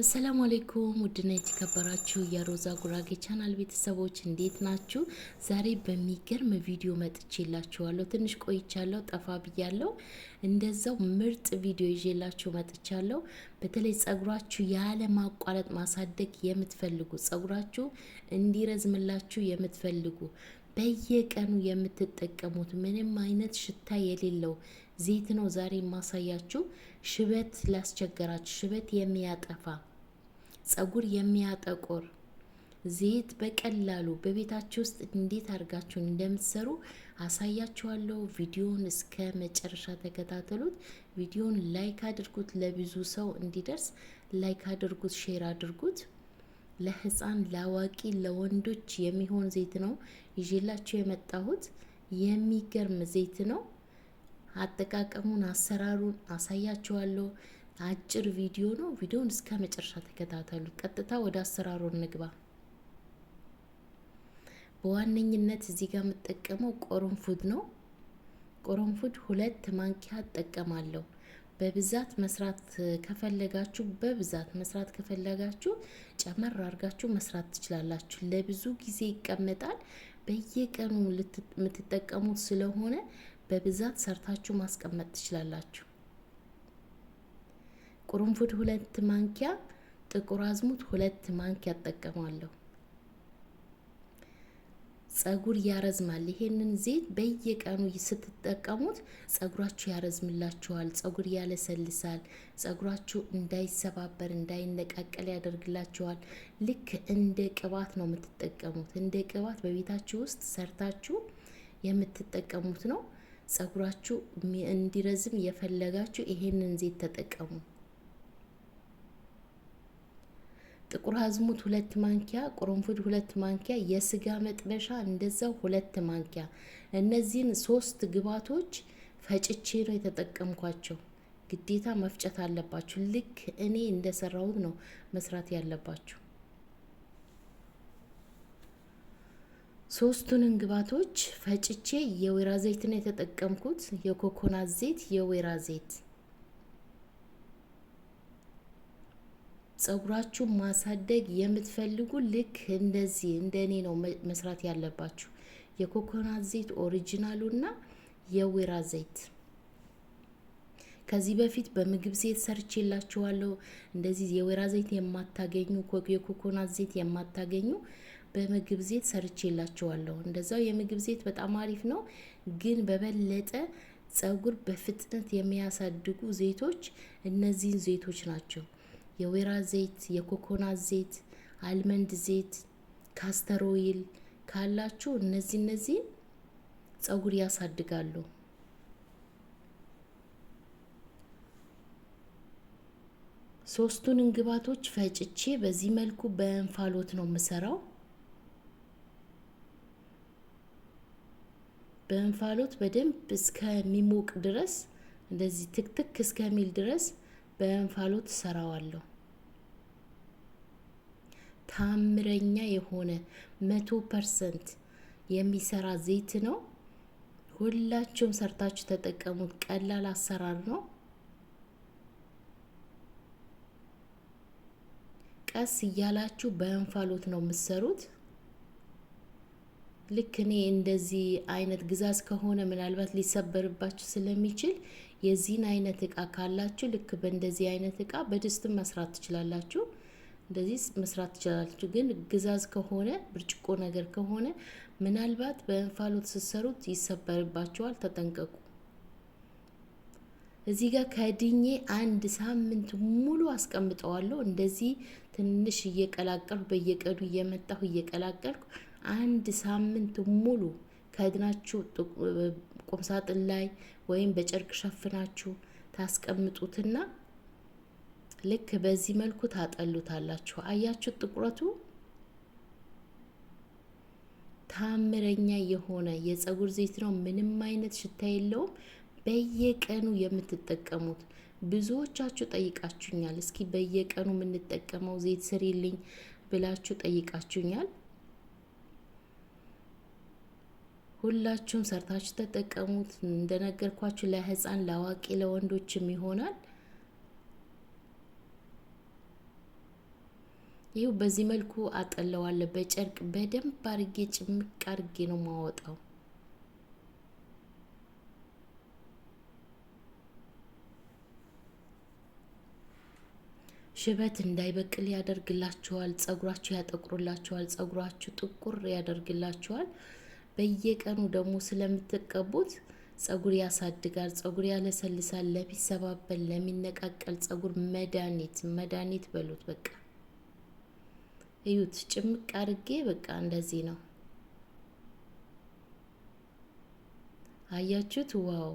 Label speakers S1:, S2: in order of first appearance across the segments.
S1: አሰላሙ አሌይኩም ውድና የተከበራችሁ የሮዛ ጉራጌ ቻናል ቤተሰቦች እንዴት ናችሁ? ዛሬ በሚገርም ቪዲዮ መጥቼላችኋለሁ። ትንሽ ቆይቻለሁ፣ ጠፋ ብያለሁ። እንደዛው ምርጥ ቪዲዮ ይዤላችሁ መጥቻለሁ። በተለይ ጸጉራችሁ ያለ ማቋረጥ ማሳደግ የምትፈልጉ ጸጉራችሁ እንዲረዝምላችሁ የምትፈልጉ በየቀኑ የምትጠቀሙት ምንም አይነት ሽታ የሌለው ዘይት ነው ዛሬ የማሳያችሁ። ሽበት ላስቸገራችሁ፣ ሽበት የሚያጠፋ ጸጉር የሚያጠቆር ዘይት በቀላሉ በቤታችሁ ውስጥ እንዴት አድርጋችሁ እንደምትሰሩ አሳያችኋለሁ። ቪዲዮን እስከ መጨረሻ ተከታተሉት። ቪዲዮን ላይክ አድርጉት፣ ለብዙ ሰው እንዲደርስ ላይክ አድርጉት፣ ሼር አድርጉት። ለህፃን ለአዋቂ፣ ለወንዶች የሚሆን ዘይት ነው ይዤላችሁ የመጣሁት። የሚገርም ዘይት ነው። አጠቃቀሙን አሰራሩን አሳያችኋለሁ። አጭር ቪዲዮ ነው። ቪዲዮውን እስከ መጨረሻ ተከታተሉ። ቀጥታ ወደ አሰራሩን ንግባ። በዋነኝነት እዚህ ጋር የምጠቀመው ቆረንፉድ ነው። ቆረንፉድ ሁለት ማንኪያ እጠቀማለሁ። በብዛት መስራት ከፈለጋችሁ በብዛት መስራት ከፈለጋችሁ ጨመር አድርጋችሁ መስራት ትችላላችሁ። ለብዙ ጊዜ ይቀመጣል። በየቀኑ የምትጠቀሙት ስለሆነ በብዛት ሰርታችሁ ማስቀመጥ ትችላላችሁ። ቁርንፉድ ሁለት ማንኪያ፣ ጥቁር አዝሙድ ሁለት ማንኪያ እጠቀማለሁ። ጸጉር ያረዝማል። ይሄንን ዘይት በየቀኑ ስትጠቀሙት ጸጉራችሁ ያረዝምላችኋል፣ ጸጉር ያለሰልሳል፣ ጸጉራችሁ እንዳይሰባበር እንዳይነቃቀል ያደርግላችኋል። ልክ እንደ ቅባት ነው የምትጠቀሙት። እንደ ቅባት በቤታችሁ ውስጥ ሰርታችሁ የምትጠቀሙት ነው። ጸጉራችሁ እንዲረዝም የፈለጋችሁ ይሄንን ዘይት ተጠቀሙ። ጥቁር አዝሙድ ሁለት ማንኪያ፣ ቅርንፉድ ሁለት ማንኪያ፣ የስጋ መጥበሻ እንደዛው ሁለት ማንኪያ። እነዚህን ሶስት ግብዓቶች ፈጭቼ ነው የተጠቀምኳቸው። ግዴታ መፍጨት አለባችሁ። ልክ እኔ እንደሰራሁት ነው መስራት ያለባችሁ። ሶስቱን ግብዓቶች ፈጭቼ የወይራ ዘይት ነው የተጠቀምኩት። የኮኮናት ዘይት፣ የወይራ ዘይት። ጸጉራችሁን ማሳደግ የምትፈልጉ ልክ እንደዚህ እንደኔ ነው መስራት ያለባችሁ። የኮኮናት ዘይት ኦሪጂናሉና የወይራ ዘይት ከዚህ በፊት በምግብ ዘይት ሰርቼላችኋለሁ። እንደዚህ የወይራ ዘይት የማታገኙ የኮኮናት ዘይት የማታገኙ በምግብ ዜት ሰርቼ እንደዛው የምግብ ዜት በጣም አሪፍ ነው፣ ግን በበለጠ ጸጉር በፍጥነት የሚያሳድጉ ዜቶች እነዚህን ዜቶች ናቸው። የወይራ ዜት፣ የኮኮና ዜት፣ አልመንድ ዜት፣ ካስተሮይል ካላችሁ እነዚህ እነዚህን ጸጉር ያሳድጋሉ። ሶስቱን እንግባቶች ፈጭቼ በዚህ መልኩ በእንፋሎት ነው የምሰራው። በእንፋሎት በደንብ እስከሚሞቅ ድረስ እንደዚህ ትክትክ እስከሚል ድረስ በእንፋሎት ሰራዋለሁ። ታምረኛ የሆነ መቶ ፐርሰንት የሚሰራ ዘይት ነው። ሁላችሁም ሰርታችሁ ተጠቀሙት። ቀላል አሰራር ነው። ቀስ እያላችሁ በእንፋሎት ነው የምትሰሩት። ልክ እኔ እንደዚህ አይነት ግዛዝ ከሆነ ምናልባት ሊሰበርባችሁ ስለሚችል የዚህን አይነት እቃ ካላችሁ ልክ በእንደዚህ አይነት እቃ በድስትም መስራት ትችላላችሁ። እንደዚህ መስራት ትችላላችሁ። ግን ግዛዝ ከሆነ ብርጭቆ ነገር ከሆነ ምናልባት በእንፋሎት ስትሰሩት ይሰበርባችኋል። ተጠንቀቁ። እዚህ ጋር ከድኜ አንድ ሳምንት ሙሉ አስቀምጠዋለሁ። እንደዚህ ትንሽ እየቀላቀልኩ በየቀዱ እየመጣሁ እየቀላቀልኩ አንድ ሳምንት ሙሉ ከድናችሁ ቁምሳጥን ላይ ወይም በጨርቅ ሸፍናችሁ ታስቀምጡትና ልክ በዚህ መልኩ ታጠሉታላችሁ። አያችሁ ጥቁረቱ ታምረኛ የሆነ የፀጉር ዘይት ነው። ምንም አይነት ሽታ የለውም። በየቀኑ የምትጠቀሙት ብዙዎቻችሁ ጠይቃችሁኛል። እስኪ በየቀኑ የምንጠቀመው ዘይት ስሪልኝ ብላችሁ ጠይቃችሁኛል። ሁላችሁም ሰርታችሁ ተጠቀሙት። እንደነገርኳችሁ ለህፃን፣ ለአዋቂ፣ ለወንዶችም ይሆናል። ይህ በዚህ መልኩ አጠለዋለሁ። በጨርቅ በደንብ አርጌ ጭምቅ አርጌ ነው ማወጣው። ሽበት እንዳይበቅል ያደርግላችኋል። ጸጉራችሁ ያጠቁርላችኋል። ጸጉራችሁ ጥቁር ያደርግላችኋል። በየቀኑ ደግሞ ስለምትቀቡት ጸጉር ያሳድጋል፣ ጸጉር ያለሰልሳል። ለሚሰባበል ለሚነቃቀል ጸጉር መድኃኒት መድኃኒት በሉት በቃ እዩት። ጭምቅ አድርጌ በቃ እንደዚህ ነው አያችሁት? ዋው!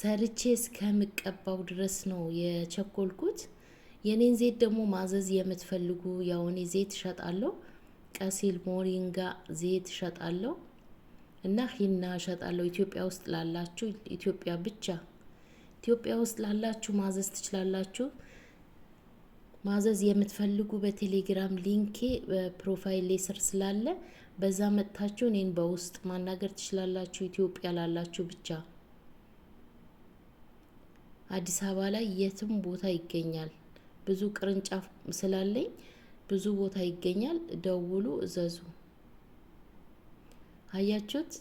S1: ሰርቼ እስከምቀባው ድረስ ነው የቸኮልኩት። የኔን ዘይት ደግሞ ማዘዝ የምትፈልጉ ያው እኔ ዘይት እሸጣለሁ፣ ቀሲል ሞሪንጋ ዘይት እሸጣለሁ እና ሂና እሸጣለሁ። ኢትዮጵያ ውስጥ ላላችሁ ኢትዮጵያ ብቻ ኢትዮጵያ ውስጥ ላላችሁ ማዘዝ ትችላላችሁ። ማዘዝ የምትፈልጉ በቴሌግራም ሊንኬ ፕሮፋይሌ ስር ስላለ በዛ መጥታችሁ እኔን በውስጥ ማናገር ትችላላችሁ። ኢትዮጵያ ላላችሁ ብቻ አዲስ አበባ ላይ የትም ቦታ ይገኛል። ብዙ ቅርንጫፍ ስላለኝ ብዙ ቦታ ይገኛል። ደውሉ፣ እዘዙ። አያችሁት?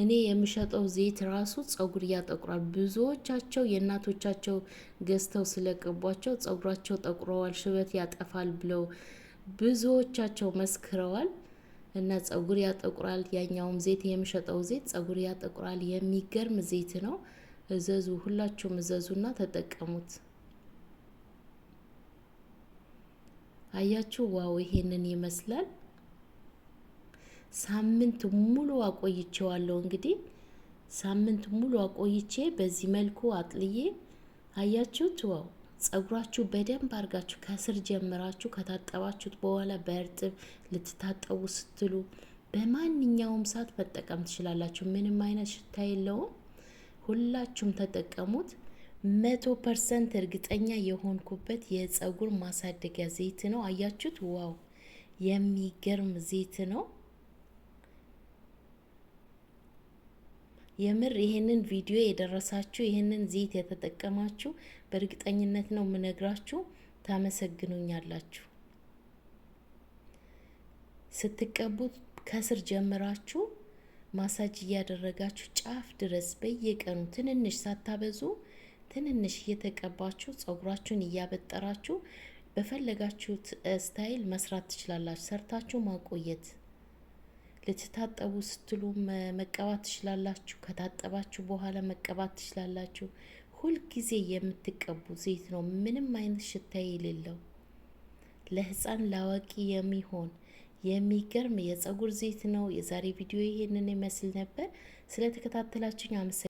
S1: እኔ የምሸጠው ዘይት ራሱ ጸጉር ያጠቁራል። ብዙዎቻቸው የእናቶቻቸው ገዝተው ስለቀቧቸው ጸጉራቸው ጠቁረዋል፣ ሽበት ያጠፋል ብለው ብዙዎቻቸው መስክረዋል። እና ጸጉር ያጠቁራል፣ ያኛውም ዘይት የምሸጠው ዘይት ጸጉር ያጠቁራል። የሚገርም ዘይት ነው። እዘዙ፣ ሁላችሁም እዘዙና ተጠቀሙት። አያችሁ፣ ዋው! ይሄንን ይመስላል። ሳምንት ሙሉ አቆይቼዋለሁ። እንግዲህ ሳምንት ሙሉ አቆይቼ በዚህ መልኩ አጥልዬ አያችሁት። ዋው! ጸጉራችሁ በደንብ አድርጋችሁ ከስር ጀምራችሁ ከታጠባችሁት በኋላ በእርጥብ ልትታጠቡ ስትሉ በማንኛውም ሰዓት መጠቀም ትችላላችሁ። ምንም አይነት ሽታ የለውም። ሁላችሁም ተጠቀሙት። መቶ ፐርሰንት እርግጠኛ የሆንኩበት የፀጉር ማሳደጊያ ዘይት ነው። አያችሁት? ዋው የሚገርም ዘይት ነው። የምር ይህንን ቪዲዮ የደረሳችሁ ይህንን ዘይት የተጠቀማችሁ በእርግጠኝነት ነው የምነግራችሁ፣ ታመሰግኑኛላችሁ። ስትቀቡት ከስር ጀምራችሁ ማሳጅ እያደረጋችሁ ጫፍ ድረስ በየቀኑ ትንንሽ ሳታበዙ ትንንሽ እየተቀባችሁ ጸጉራችሁን እያበጠራችሁ በፈለጋችሁት ስታይል መስራት ትችላላችሁ። ሰርታችሁ ማቆየት ልትታጠቡ ስትሉ መቀባት ትችላላችሁ። ከታጠባችሁ በኋላ መቀባት ትችላላችሁ። ሁልጊዜ የምትቀቡ ዘይት ነው፣ ምንም አይነት ሽታ የሌለው ለህፃን ላዋቂ የሚሆን የሚገርም የፀጉር ዘይት ነው። የዛሬ ቪዲዮ ይሄንን ይመስል ነበር። ስለተከታተላችሁኝ አመሰግናለሁ።